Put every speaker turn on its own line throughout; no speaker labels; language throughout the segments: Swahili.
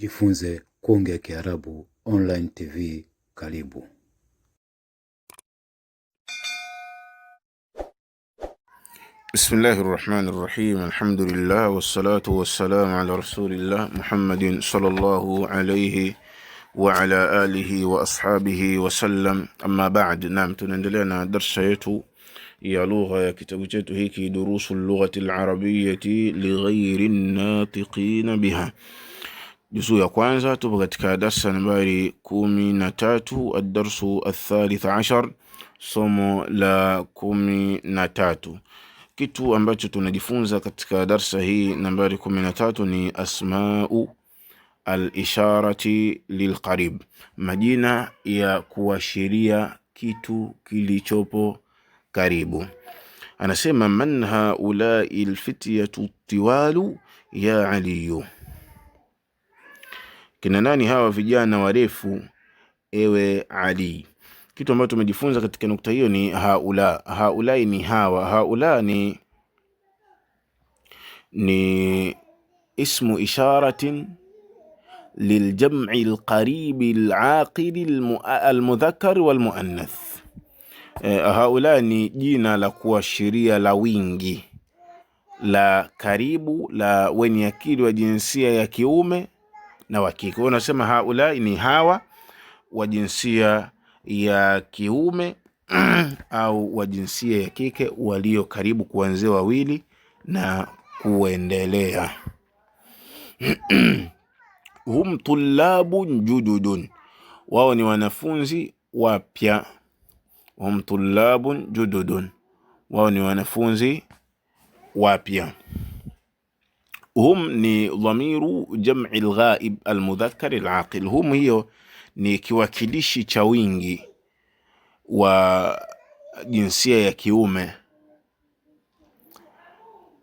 Jifunze kuongea Kiarabu online TV karibu. Bismillahi rahmani rahim, alhamdulillah wassalatu wassalamu ala rasulillah Muhammadin sallallahu alayhi wa ala alihi wa ashabihi wasallam, amma ba'd. Naam, tunaendelea na darsa yetu ya lugha ya kitabu chetu hiki durusu lughati al-arabiyyati lighayri natiqina biha Juzuu ya kwanza tupo katika darsa nambari kumi na tatu adarsu athalith ashar, somo la kumi na tatu. Kitu ambacho tunajifunza katika darsa hii nambari kumi na tatu ni asmau alisharati lilqarib, majina ya kuashiria kitu kilichopo karibu. Anasema man haulai lfityatu tiwalu ya aliyu Kina nani hawa vijana warefu, ewe Ali? Kitu ambacho tumejifunza katika nukta hiyo ni haula. Haulai ni hawa. Haula ni, ni ismu isharatin liljam'i alqaribi laqili almudhakkar walmuannath. E, haula ni jina la kuashiria la wingi la karibu la wenye akili wa jinsia ya kiume na wa kike. Wao hiyo haulai ni hawa wa jinsia ya kiume au wa jinsia ya kike walio karibu kuanzia wawili na kuendelea. hum tullabun jududun, wao ni wanafunzi wapya. Hum tullabun jududun, wao ni wanafunzi wapya hum ni dhamiru jam'i lghaib almudhakkar alaqil. Hum hiyo ni kiwakilishi cha wingi wa jinsia ya kiume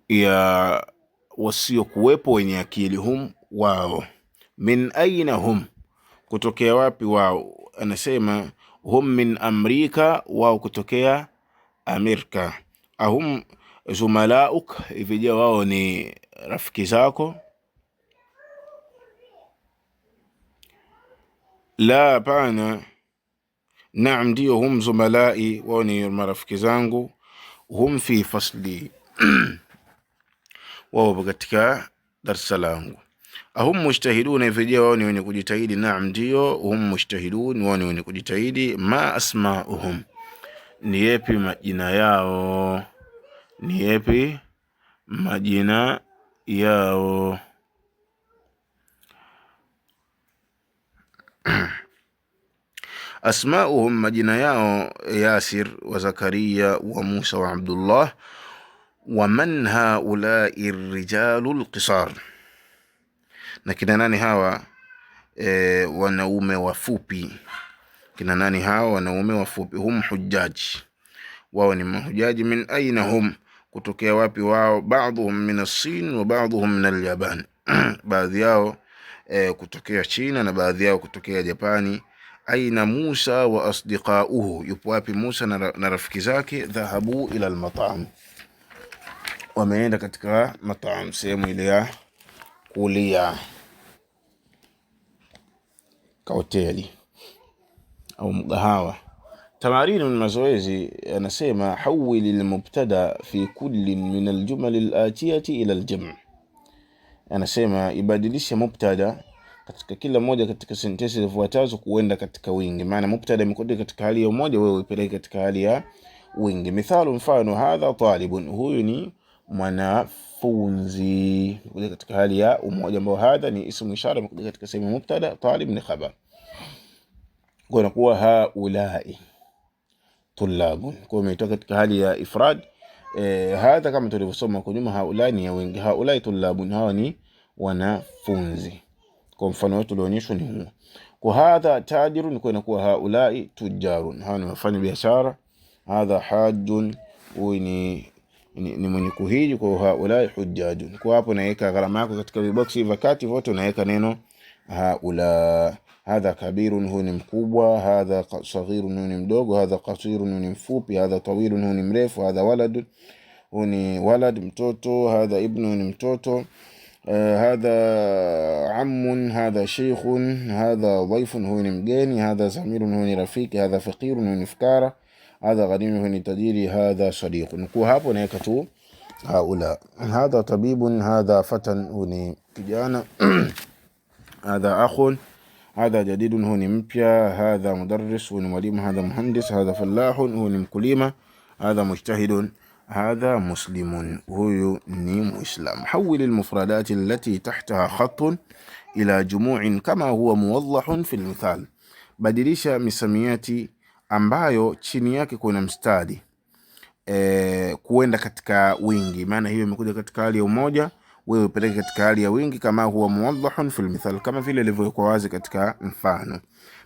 ya wasiokuwepo wenye akili. Hum wao, min aina hum, kutokea wapi wao? Anasema hum min amrika, wao kutokea Amerika. Ahum zumalauk, ivija wao ni rafiki zako. La, hapana. Naam, ndio, hum zumalai, wao ni marafiki zangu. Hum fi fasli, wao katika darsa langu. Ahum mujtahidun, vijia wao ni wenye kujitahidi. Naam, ndio, hum mujtahidun, wao ni wenye kujitahidi. Ma asmauhum, ni yepi majina yao? Ni yepi majina yao. Asmauhum, majina yao Yasir wa Zakaria wa Musa wa Abdullah. Wa man haulai rijalu lqisar, na kina nani hawa e, wanaume wafupi? Kina nani hawa wanaume wafupi? Hum hujaji, wao ni mahujaji. Min aina hum kutokea wapi wao, baadhuhum min asin wa baadhuhum min alyaban baadhi yao e, kutokea China na baadhi yao kutokea Japani. Aina Musa wa asdiqauhu, yupo wapi Musa na, na rafiki zake? Dhahabu ila al wameenda katika matam, sehemu ile ya kulia kahoteli au mgahawa Tamarini mazoezi anasema hawili lmubtada fi kulli min aljumali alatiyati ila aljam, anasema ibadilishe مبتدا katika kila moja katika sentensi zifuatazo kuenda katika wingi. Maana mubtada imekuja katika hali ya umoja, wewe upeleke katika hali ya wingi. Mithalu, mfano: hadha talibun, huyu ni mwanafunzi. Kuja katika hali ya umoja ambao hadha ni ismu ishara, imekuja katika sehemu mubtada, talib ni khabar, kwa kuwa haulai tulabun, kwa umetoka katika hali ya ifrad e, eh, hadha kama tulivyosoma kwa nyuma, haula ni ya wengi, haula tulabun, hawa ni wanafunzi. Kwa mfano wetu ulionyeshwa ni huu, Kwa hadha tajirun, kwa inakuwa haula tujarun, hawa ni wafanya biashara. Hadha hajun, huyu ni ni, ni mwenye kuhiji. Kwa haula hujjajun, kwa hapo naweka gharama yako katika viboksi vakati vote, unaweka neno haula hadha kabirun, huyu ni mkubwa. Hadha saghirun, huyu ni mdogo. Hadha qasirun, huyu ni mfupi. Hadha tawilun, huyu ni mrefu. Hadha waladun, huyu ni walad, mtoto. Hadha ibnu, ni mtoto. Hadha ammun, hadha sheikhun. Hadha dhaifun, huyu ni mgeni. Hadha zamirun, huyu ni rafiki. Hadha faqirun, huyu ni fukara. Hadha ghanimun, huyu ni tajiri. Hadha sadiqun. Kwa hapo naweka tu haula. Hadha tabibun, hadha fatan, huyu ni kijana. Hadha akhun Hadha jadidun, huyu ni mpya. Hadha mudarris, huyu ni mwalimu. Hadha muhandis, hadha falahun, huyu ni mkulima. Hadha mujtahidun, hadha muslimun, huyu ni Muislam. Hawil almufradati allati tahtaha khatun ila jumu'in kama huwa muwadhahun fi almithal, badilisha misamiati ambayo chini yake kuna mstari e, eh, kuenda katika wingi. Maana hiyo imekuja katika hali ya umoja wewe upeleke katika hali ya wingi, kama huwa muwadhahun fil mithal, kama vile ilivyokuwa wazi katika mfano.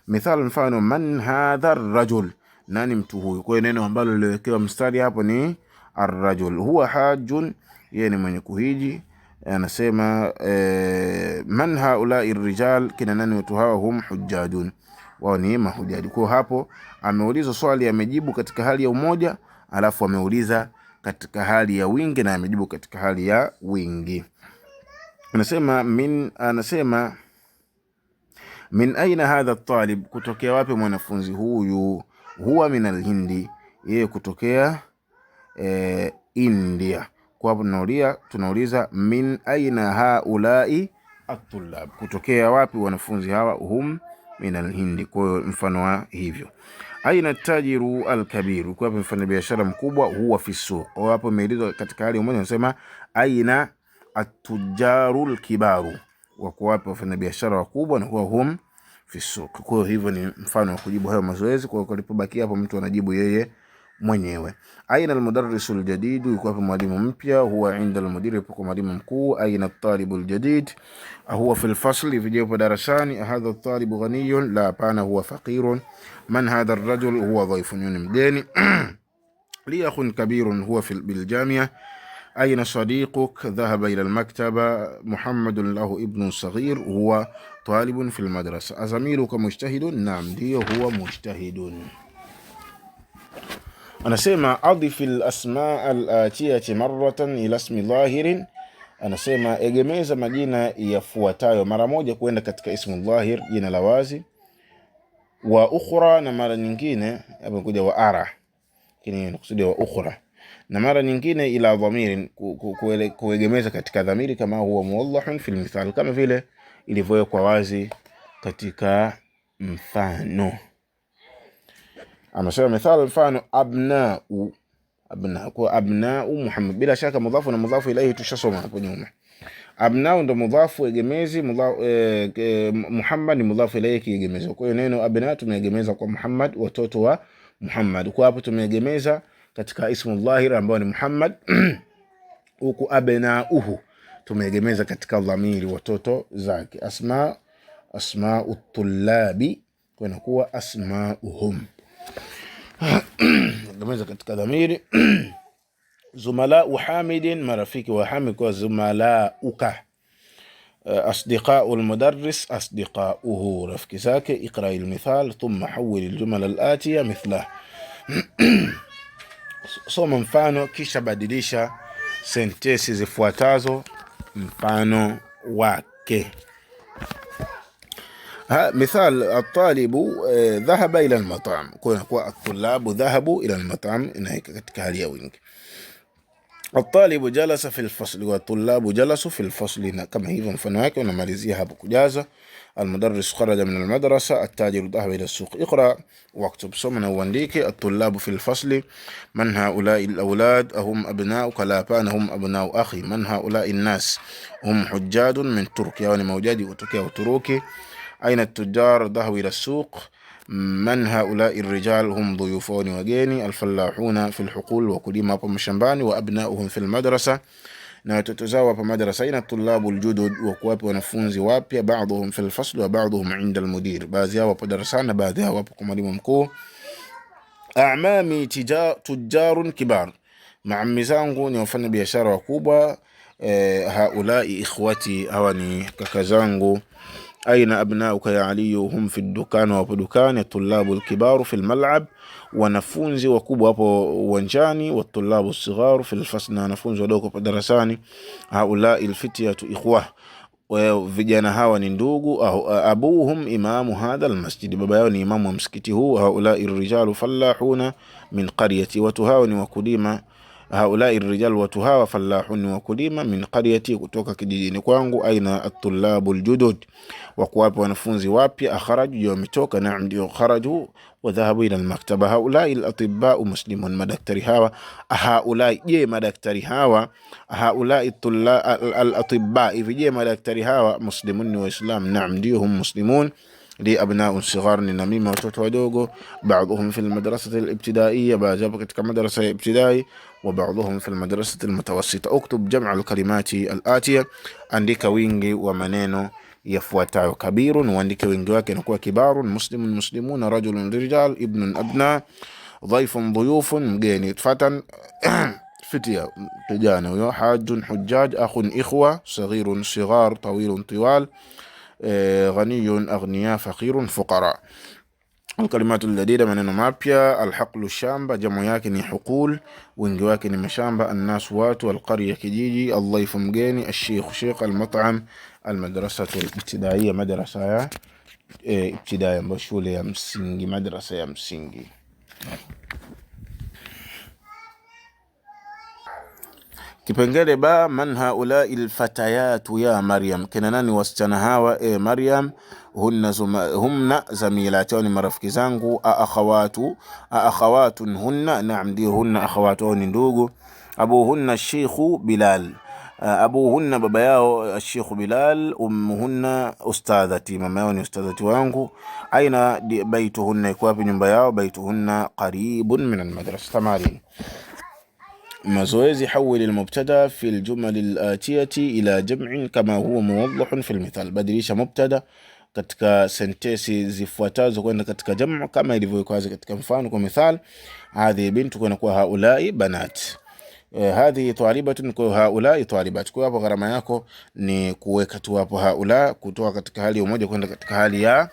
Mithal, mfano, man hadha rajul, nani mtu huyu. Kwa hiyo neno ambalo liliwekewa mstari hapo ni arrajul. Huwa hajun, yeye ni mwenye kuhiji. Anasema e, man haulai rijal, kina nani watu hawa? Hum hujajun, wao ni mahujaji. Kwa hapo ameuliza swali, amejibu katika hali ya umoja, alafu ameuliza katika hali ya wingi na amejibu katika hali ya wingi. Anasema min, anasema min aina hadha talib, kutokea wapi mwanafunzi huyu? Huwa min alhindi, yeye kutokea e, India. Kwa hapo tunaulia tunauliza min aina haulai atulab, kutokea wapi wanafunzi hawa? Hum min alhindi, kwa mfano wa hivyo aina tajiru alkabiru, kwa mfanya biashara mkubwa huwa fisu. Hapo imeelezwa katika hali moja, anasema aina atujaru alkibaru, wako wapi wafanyabiashara wakubwa, na huwa hum fisu. Kwa hivyo ni mfano wa kujibu hayo mazoezi. Kwa hiyo alipobakia hapo, mtu anajibu yeye mwenyewe. Aina almudarris aljadid, yuko hapo mwalimu mpya. Huwa inda almudir, yupo kwa mwalimu mkuu. Aina talibu aljadid, huwa fi alfasli, vijepo darasani. Hadha talibu ghaniyun, la pana, huwa faqirun. Man hadha arrajul, huwa dhaifun, yuni mgeni. Li akhun kabirun, huwa fi jamia. Aina sadiquk, dhahaba ila almaktaba. Muhammadun lahu ibnun saghir, huwa talibun fi almadrasa. Azamiruka mujtahidun, naam, ndio huwa mujtahidun. anasema adhifi lasmaa alatiyati maratan ila smi dhahirin, anasema egemeza majina yafuatayo mara moja kuenda katika ismu dhahir, jina la wazi, wa ukhra, na mara nyingine amekuja wa ara, lakini nakusudia wa ukhra, na mara nyingine ila dhamirin, kuegemeza katika dhamiri, kama huwa muwadhahun fi lmithal, kama vile ilivyowekwa wazi katika mfano. Amesema mithal, mfano abnau abna kwa abnau Muhammad. Bila shaka mudhafu na mudhafu ilaihi tushasoma hapo nyuma. Abnau ndo mudhafu egemezi, mudhafu eh, Muhammad ni mudhafu ilaihi kiegemezi. Kwa hiyo neno abna tumeegemeza kwa Muhammad, watoto wa Muhammad. Kwa hapo tumeegemeza katika ismu dhahir ambao ni Muhammad huku abnauhu tumeegemeza katika dhamiri watoto zake. Asma asmau tullabi kunakuwa asmauhum gameza katika dhamiri zumalau hamidin, marafiki wa Hamid kwa zumalauka. Eh, Asdiqau lmudaris asdiqauhu, rafiki zake. Iqra lmithal thumma hawil ljumala alatiya mithlah, soma mfano kisha badilisha sentesi zifuatazo mfano wake. مثال الطالب آه، ذهب إلى المطعم الطلاب ذهبوا إلى المطعم katika hali ya الطالب جلس في الفصل والطلاب جلسوا في الفصل كما هي فنواك yake unamalizia المدرس خرج من المدرسة التاجر ذهب إلى السوق اقرأ واكتب سمنا وانديكي الطلاب في الفصل من هؤلاء الأولاد أهم أبناؤك لابان هم أبناء أخي من هؤلاء الناس هم حجاد من تركيا ونموجادي يعني وتركيا وتروكي أين التجار ذهبوا إلى السوق من هؤلاء الرجال هم ضيوفون wageni alfallahuna fil hukul wakulima hapo mashambani wa abnauhum fil madrasa na watoto zao hapa madrasaina tulabu ljudud wakuwapi wanafunzi wapya baadhuhum fil fasl wa baadhuhum inda almudir baadhi yao wapo darasani na baadhi yao wapo kwa mwalimu mkuu amami tujarun kibar maami zangu ni wafanya biashara wakubwa haulai ikhwati hawa ni kaka zangu aina abnauka ya aliyu hum fi dukani, wapo dukani. Tulabu alkibaru fi almal'ab, wanafunzi wakubwa wapo uwanjani. Watulabu sigharu fi alfasna, wanafunzi wadogo darasani. Haula alfityatu ikhwa vijana hawa ni ndugu. Abuhum imamu hadha almasjidi, baba yao ni imamu wa msikiti huu. Haulai rijalu fallahuna min qaryati, watu hao ni wakulima haulai rijal, watu hawa falahuni, wakulima, min qaryati, kutoka kijijini kwangu, aina atulabu ljudud, wakuwapi wanafunzi wapya, akharaju, je wametoka, naam, ndio kharaju wadhahabu ila lmaktaba. Haulai latibau muslimun, madaktari hawa haulai, je madaktari hawa, haulai alatiba, hivi je madaktari hawa muslimun, ni Waislam, naam, ndio hum muslimun li abnaun sighar, ni namima watoto wadogo, baadhuhum fi lmadrasati libtidaiya, baadhi wapo katika madarasa ya ibtidai وبعضهم في المدرسة المتوسطة اكتب جمع الكلمات الآتية أنديكا وينجي ومنينو يفوتع كبير وأنديكا وينجي وكينكوا كبار مسلم مسلمون رجل رجال ابن أبناء ضيف ضيوف مجيني فتن فتية قجانة حاج حجاج أخ إخوة صغير صغار طويل طوال آه، غني أغنياء فقير فقراء Alkalimatu ljadida, maneno mapya. Alhaqlu, shamba. Jamu yake ni huqul, wingi wake ni mashamba. Annas, watu. Alqarya, kijiji. Aldhaifu, mgeni. Alsheikh, shekh. Almatam, almadrasatu libtidaiya, madrasa ya e, ibtidaya, ambayo shule ya msingi, madrasa ya msingi. Kipengele ba man haulai lfatayatu ya Maryam, kina nani wasichana hawa? E Maryam hunna, humna zamilati, ni marafiki zangu. Aakhawatu, aakhawatun hunna, naam, ndio hunna akhawatu, au ni ndugu. Abuhunna shekhu Bilal, abuhunna baba yao shekhu Bilal. Ummuhunna ustadhati, mama yao ni ustadhati wangu. Aina baituhunna, iko wapi nyumba yao? Baituhunna qaribun min almadrasa. Tamarin Mazoezi. Hawil almubtada fi aljumal alatiyati ila jam'in kama huwa muwaddah fi almithal, badilisha mubtada katika sentesi zifuatazo kwenda katika jamu kama ilivyowekwa katika mfano. Kwa mithal, hadhi bintu kwa inakuwa haulai banat, eh, hadhi ni kwa haulai talibat. Kwa hapo gharama yako ni kuweka tu hapo haula, kutoa katika hali ya umoja kwenda katika hali ya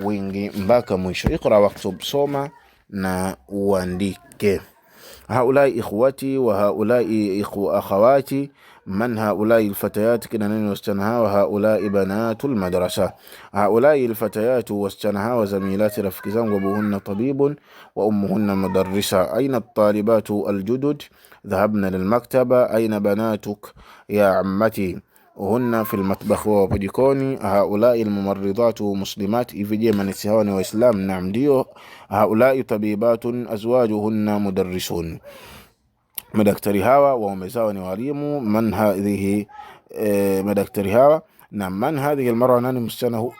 wingi mpaka mwisho. Iqra waktub, soma na uandike. Haulai ikhwati wa haulai akhawati من هؤلاء الفتيات كنا نستنها وهؤلاء بنات المدرسة هؤلاء الفتيات واستنها وزميلات رفق وابوهن طبيب وأمهن مدرسة أين الطالبات الجدد ذهبنا للمكتبة أين بناتك يا عمتي هن في المطبخ وبديكوني هؤلاء الممرضات مسلمات إفيدي من السهوان وإسلام نعم ديو هؤلاء طبيبات أزواجهن مدرسون madaktari hawa waomezawa ni walimu. Man hadhihi e, madaktari hawa na man hadhihi almar'a, nani msichana hu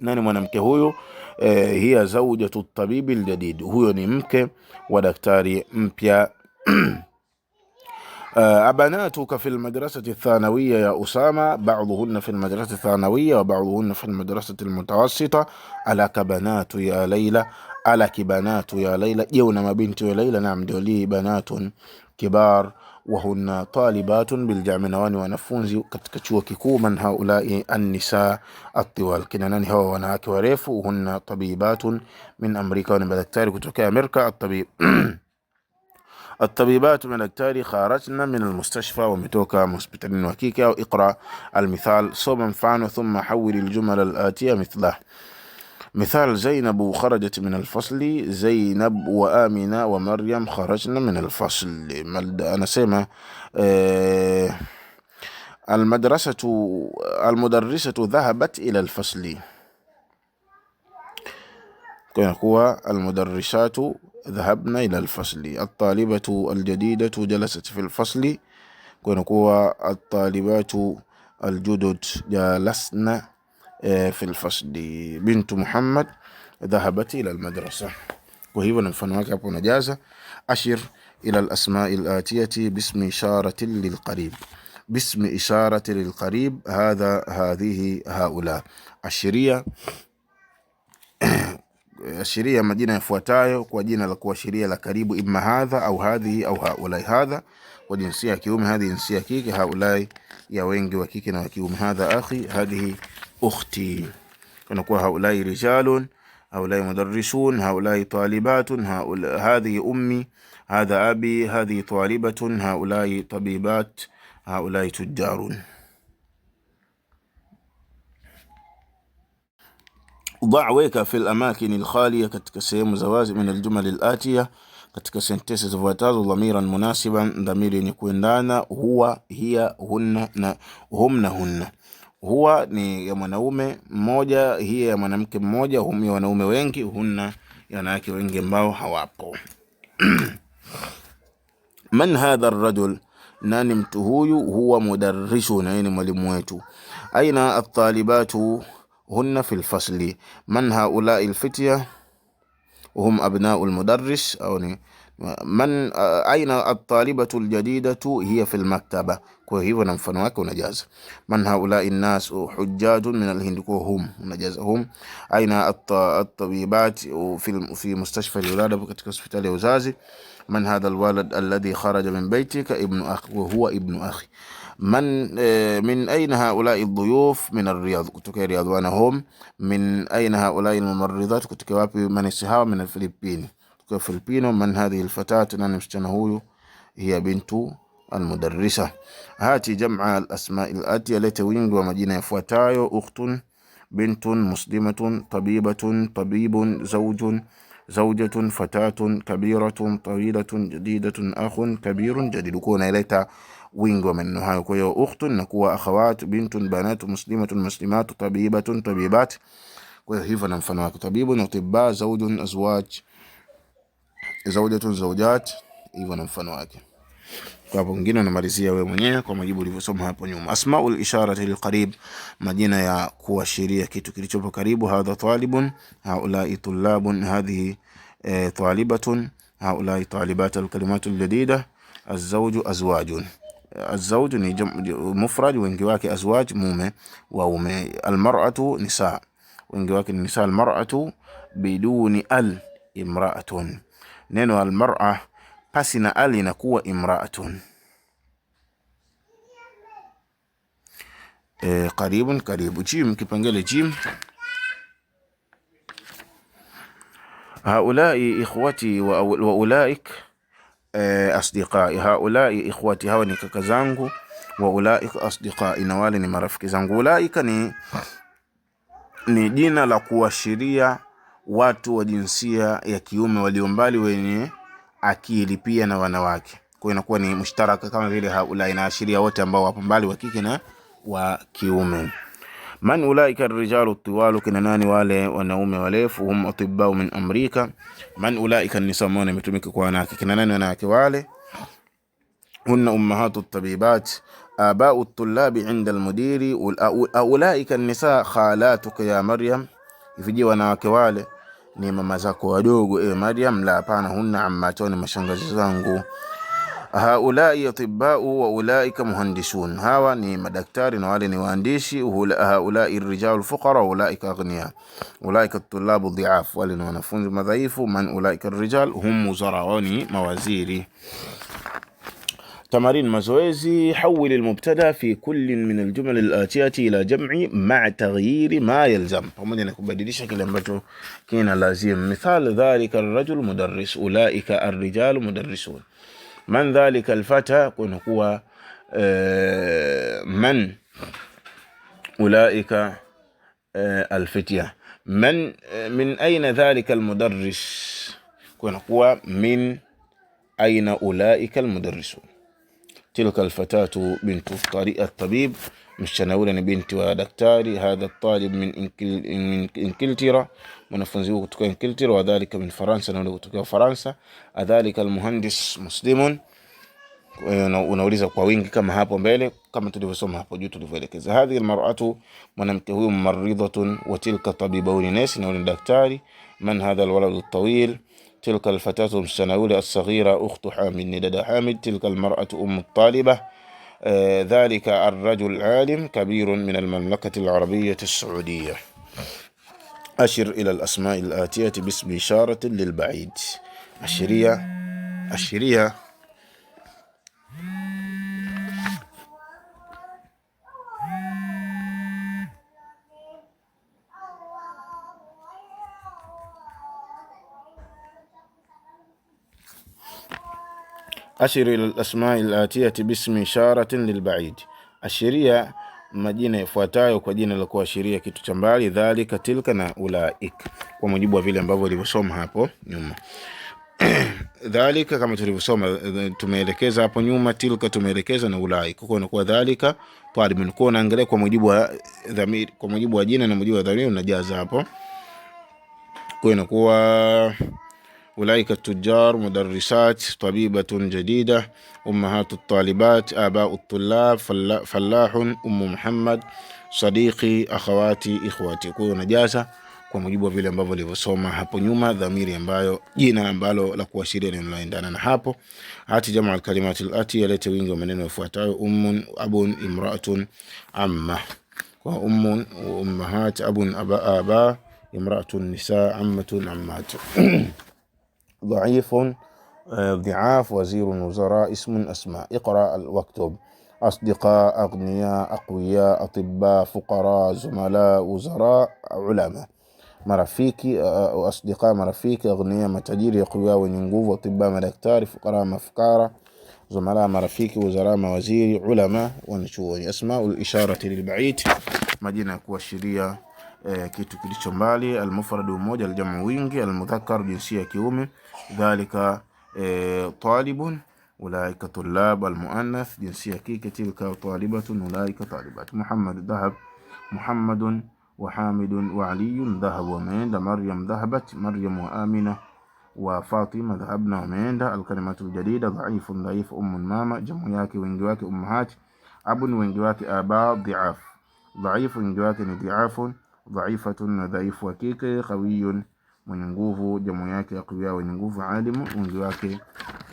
nani mwanamke huyu? E, hiya zawjatu tabibi aljadid, huyo ni mke wa daktari mpya. abanatuka fi lmadrasati athanawiya ya Usama, baduhunna fi lmadrasati athanawiya wa baduhunna fi lmadrasati almutawassita alaka banatu ya Laila ألك بنات يا ليلى يونما بنت يا ليلى نعم لي بنات كبار وهن طالبات بالجامعة نواني wanafunzi katika chuo kikuu man haulai annisa atiwal kina nani hawa wanawake warefu hunna tabibatun min amrika ni madaktari kutokea amerika atabib الطبيبات من التالي خرجنا من المستشفى ومتوكا مستشفى وكيكا واقرأ المثال صوب مفعن ثم حول الجمل الآتية مثله مثال زينب خرجت من الفصل زينب وآمنة ومريم خرجن من الفصل أنا سيما آه، المدرسة المدرسة ذهبت إلى الفصل كنقوى المدرسات ذهبنا إلى الفصل الطالبة الجديدة جلست في الفصل كنقوى الطالبات الجدد جلسنا في الfasdi bintu Muhammad dhahabat ila almadrasa. Kwa hivyo na mfano wake hapo unajaza ashir ila alasmai alatiyati bismi isharati lilqarib bismi isharati lilqarib hadha hadhihi haula ashiria ashiria majina yafuatayo kwa jina la kuashiria la karibu, imma hadha au hadhihi au haulai. Hadha kwa jinsia ya kiume, hadhi jinsia ya kike, haulai ya wengi wa kike na wa kiume. Hadha akhi, hadhihi أختي نقول هؤلاء رجال هؤلاء مدرسون هؤلاء طالبات هؤلاء هذه أمي هذا أبي هذه طالبة هؤلاء طبيبات هؤلاء تجار ضع ويكا في الأماكن الخالية كتكسيم سيم زواز من الجمل الآتية كتكسيم سنتيس زفواتاز ضميرا مناسبا ضمير يكون دانا هو هي هن هم هن, هن huwa ni ya mwanaume mmoja, hii ya mwanamke mmoja, hum ya wanaume wengi, hunna ya wanawake wengi ambao hawapo. man hadha rajul, nani mtu huyu? Huwa mudarrisu, na ni mwalimu wetu. Aina atalibatu hunna fi lfasli, man haula alfitya, hum abnau almudarris au ni من أين الطالبة الجديدة هي في المكتبة kwa hivyo na mfano wake unajaza man haulai nnas hujjajun min alhindi kwa hum unajaza hum aina at-tabibat fi fi mustashfa alwilada katika hospitali ya uzazi man hadha alwalad alladhi kharaja min baytika ibnu akhi wa huwa ibnu akhi من من أين هؤلاء الضيوف من الرياض كتك رياض وأنا هم من أين هؤلاء الممرضات كتك وابي من السهاوة من الفلبين kutoka Filipino. Man hadhihi alfatatu, nani msichana huyu? Hiya bintu almudarrisa. Hati jamaa alasma alatiya, lete wingi wa majina yafuatayo: ukhtun, bintun, muslimatun, tabibatun, tabibun, zawjun zaujatun fatatun kabiratun tawilatun jadidatun akhun kabirun jadidu. Kuwa unaileta wingi wa maneno hayo. Kwa hiyo ukhtun na kuwa akhawat, bintun banatu, muslimatun muslimatu, tabibatun tabibat. Kwa hiyo hivyo na mfano wake: tabibun atibba, zaujun azwaj zaujatun zaujat, hivyo na mfano wake. Kwa hapo mwingine anamalizia wewe mwenyewe kwa majibu ulivyosoma hapo nyuma. Asmaul isharati lilqarib, majina ya kuashiria kitu kilichopo karibu. Hadha talibun, haulai tulabun, hadhihi e, talibatun, haulai talibat. Alkalimatu ljadida azauju azwajun Azauju ni mufrad, wengi wake azwaj, mume waume. Almar'atu nisa, wengi wake ni nisa. Almar'atu biduni al imra'atun neno almar'a pasi na ali inakuwa imraatun. E, karibun karibu. Jim, kipengele jim. Haulai ikhwati wa ulaik e, asdiqai. Haulai ikhwati, hawa ni kaka zangu. Wa ulaik asdiqai, na wale ni marafiki zangu. Ulaika ni, ni jina la kuashiria watu wa jinsia ya kiume walio mbali wenye akili pia na wanawake. Kwa hiyo inakuwa ni mshtaraka kama vile haula, inaashiria wote ambao wapo mbali, wa kike na wa kiume. Man ulaika rijalu tiwalu, kina nani wale wanaume warefu? Hum atibau min amrika. Man ulaika ni samona, imetumika kwa wanawake. Kina nani wanawake wale? Hunna ummahatu tabibat abau tullabi inda almudiri. Ulaika nisa khalatuka ya Maryam, ifijie wanawake wale ni mama zako wadogo, e eh, Maryam. La, hapana, hunna ni mashangazi zangu. Haulai atibau wa ulaika muhandisun, hawa ni madaktari na wale ni waandishi. Haulai rijalu fuqara wa ulaika aghnia, ulaika tulabu dhiaf, wale ni wanafunzi madhaifu. Man ulaika rijal hum wuzara, wao ni mawaziri. تمارين mazoezi حول المبتدا في كل من الجمل الآتية إلى جمع مع تغيير ما يلزم pamoja na kubadilisha kile ambacho kina lazim. Mithal dhalika arrajul mudarris, ulaika arrijalu mudarrisun. Man dhalika alfata, kunakuwa man ulaika alfitya. Man min aina dhalika almudarris, kunakuwa min aina ulaika almudarrisun تلك الفتاة بنت الطبيب msichana binti wa daktari hadha talib min Ingiltera, mwanafunzi huyu kutoka Ingiltera, wadhalika min Faransa, na kutoka Ufaransa, adhalika almuhandis muslimun. Unauliza kwa wingi kama hapo mbele, kama tulivyosoma hapo juu tulivyoelekeza. Hadhihi almar'atu, mwanamke huyu, mumaridhatun, wa tilka tabibauni nesi, na yule daktari. Man hadha alwaladu tawil تلك الفتاة السنوية الصغيرة أخت حامد ندى حامد تلك المرأة أم الطالبة آه ذلك الرجل عالم كبير من المملكة العربية السعودية أشر إلى الأسماء الآتية باسم إشارة للبعيد أشرية أشرية ashir ila lasmai latiyati bismi isharatin lilbaidi, ashiria majina yafuatayo kwa jina la kuashiria kitu cha mbali, dhalika, tilka na ulaik kwa mujibu wa vile ambavyo ulivyosoma hapo nyuma. Dhalika kama tulivyosoma, tumeelekeza hapo nyuma, tilka tumeelekeza na ulaik kwa inakuwa dhalika talibun, kwa unaangalia kwa mujibu wa dhamiri, kwa mujibu wa jina na mujibu wa dhamiri unajaza hapo, kwa inakuwa أولئك التجار مدرسات طبيبة جديدة أمهات الطالبات آباء الطلاب فلاح أم محمد صديقي أخواتي إخواتي kuyo najasa kwa mujibu wa vile ambavyo alivyosoma hapo nyuma, dhamiri ambayo jina ambalo la kuashiria linaloendana na hapo. Hati jamu alkalimati lati, yalete wingi wa maneno yafuatayo: ummun, abun, imraatun, amma. Kwa ummun, ummahat, abun, aba, aba imraatun, nisa, ammatun, ammatu ضعيف آه، ضعاف وزير وزراء اسم أسماء اقرأ واكتب أصدقاء أغنياء أقوياء أطباء فقراء زملاء وزراء علماء مرافيكي آه، آه، أصدقاء مرافيكي أغنياء متاجر أقوياء وننقوف أطباء مدكتار فقراء مفكارة زملاء مرافيكي وزراء موزيري علماء ونشوف أسماء الإشارة للبعيد مدينة كوشيرية e, kitu kilicho mbali, almufradu mmoja, aljamu wingi, almudhakar jinsia ya kiume, dhalika e, talibun ulaika tulab, almuannath jinsia ya kike, tilka talibatun ulaika talibat. Muhammad dhahab, Muhammadun wa Hamidun wa Aliyun dhahabu, wameenda. Maryam dhahabat, Maryam wa Amina wa Fatima dhahabna, wameenda. Alkalimatu ljadida dhaifun dhaif, ummun mama, jamu yake wengi wake ummahati, abun wengi wake aba, dhiaf dhaifu wengi wake ni dhiafun ضعيفة ضعيف وكيك قوي من نقوف جموياك أقوياء ومن نقوف عالم ومن نقوف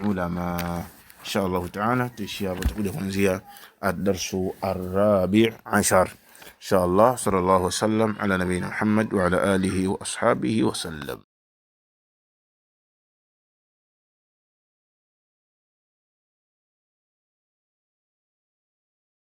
علماء إن شاء الله تعالى تشياء بتقول خنزية الدرس الرابع عشر إن شاء الله صلى الله وسلم على نبينا محمد وعلى آله وأصحابه وسلم